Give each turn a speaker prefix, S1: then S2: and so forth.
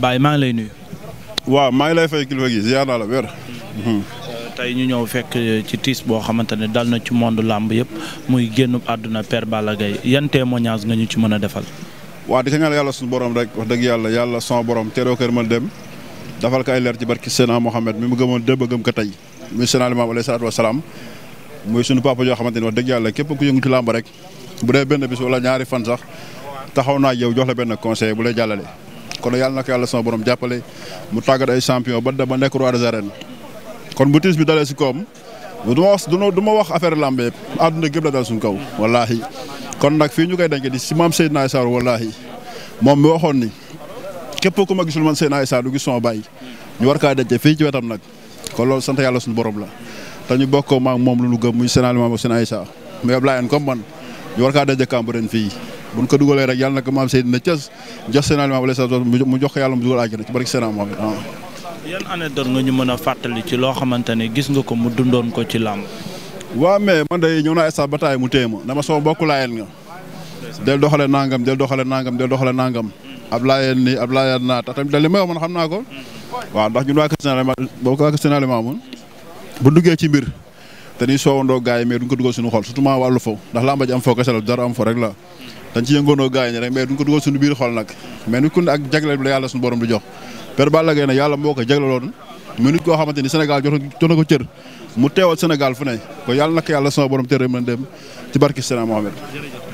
S1: bàyyi maa ngi lay waaw maa ngi lay fay kilifa gi ziar la wér. Hmm. tey ñu ñëw fekk ci tiis boo xamante ne dal na ci monde làmb yëpp muy génn àdduna Père Balla Gaye yan témoignage nga ñu ci mën a defal.
S2: waa di ko ñaan yàlla suñu borom rek wax dëgg yàlla yàlla son borom teroo kër ma dem dafal ko leer ci barki Seydina Mohamed mi mu gëmoon démb gëm ko tey muy Seydina Limaamu alayhi salaatu wa salaam muy sunu papa yoo xamante ni wax dëgg yàlla képp ku yëngu ci làmb rek bu dee benn bis wala ñaari fan sax taxaw naa yow jox la benn conseil bu lay jàllale. kon yàlla na ko yàlla sama boroom jàppale mu tàggat ay champion ba dama nekk roi des arènes kon bu tiis bi dalee si koom du ma wax du ma wax affaire làmb yëpp àdduna gépp la dal suñu kaw wallaahi kon nag fii ñu koy denc di si maam Seydina Issa wallaahi moom mi waxoon ni képp ku ma gisul man Seydina Issa du gis sama ñu war kaa denc fii ci wetam nag kon loolu sant yàlla suñu borom la te ñu bokkoo maag moom lu ñu gëm muy Seydina Limaamu Seydina Issa mais Ablaye comme man kaa denc kàmb ren fii bu ñu ko dugalee rek yàlla na ko maam Seydina Thiès jox sa mu jox ko yàlla mu dugal àjjana
S1: nga ñu mën a fàttali ci loo xamante ne gis nga ko mu dundoon ko ci làmb. waaw mais
S2: man day ñëw naa stade ba taay mu téye ma dama soo bokk laayeen nga. del doxale nangam del doxale nangam del doxale nangam. ab laayeen nii naa tax tamit li may xam naa ko. waaw ndax ñun waa Kër Sénégal ma boo ko waa Kër bu duggee ci mbir te ni soowandoo gars yi mais nu ko dugal suñu xol surtout maa fo ndax làmba ji am foo kese la dara am fo rek la. dañ ci yëngoonoo gars yi rek mais duñ biir xol nag mais nit ku ne ak jagleel bi la yàlla suñu borom di jox Père Balla Gaye ne yàlla moo ko jagleloon mu nit koo xamante ni Sénégal jox na ko cër mu teewal Sénégal fu ne ko yàlla nag yàlla sama borom tërë mën dem ci barki Sénégal Mohamed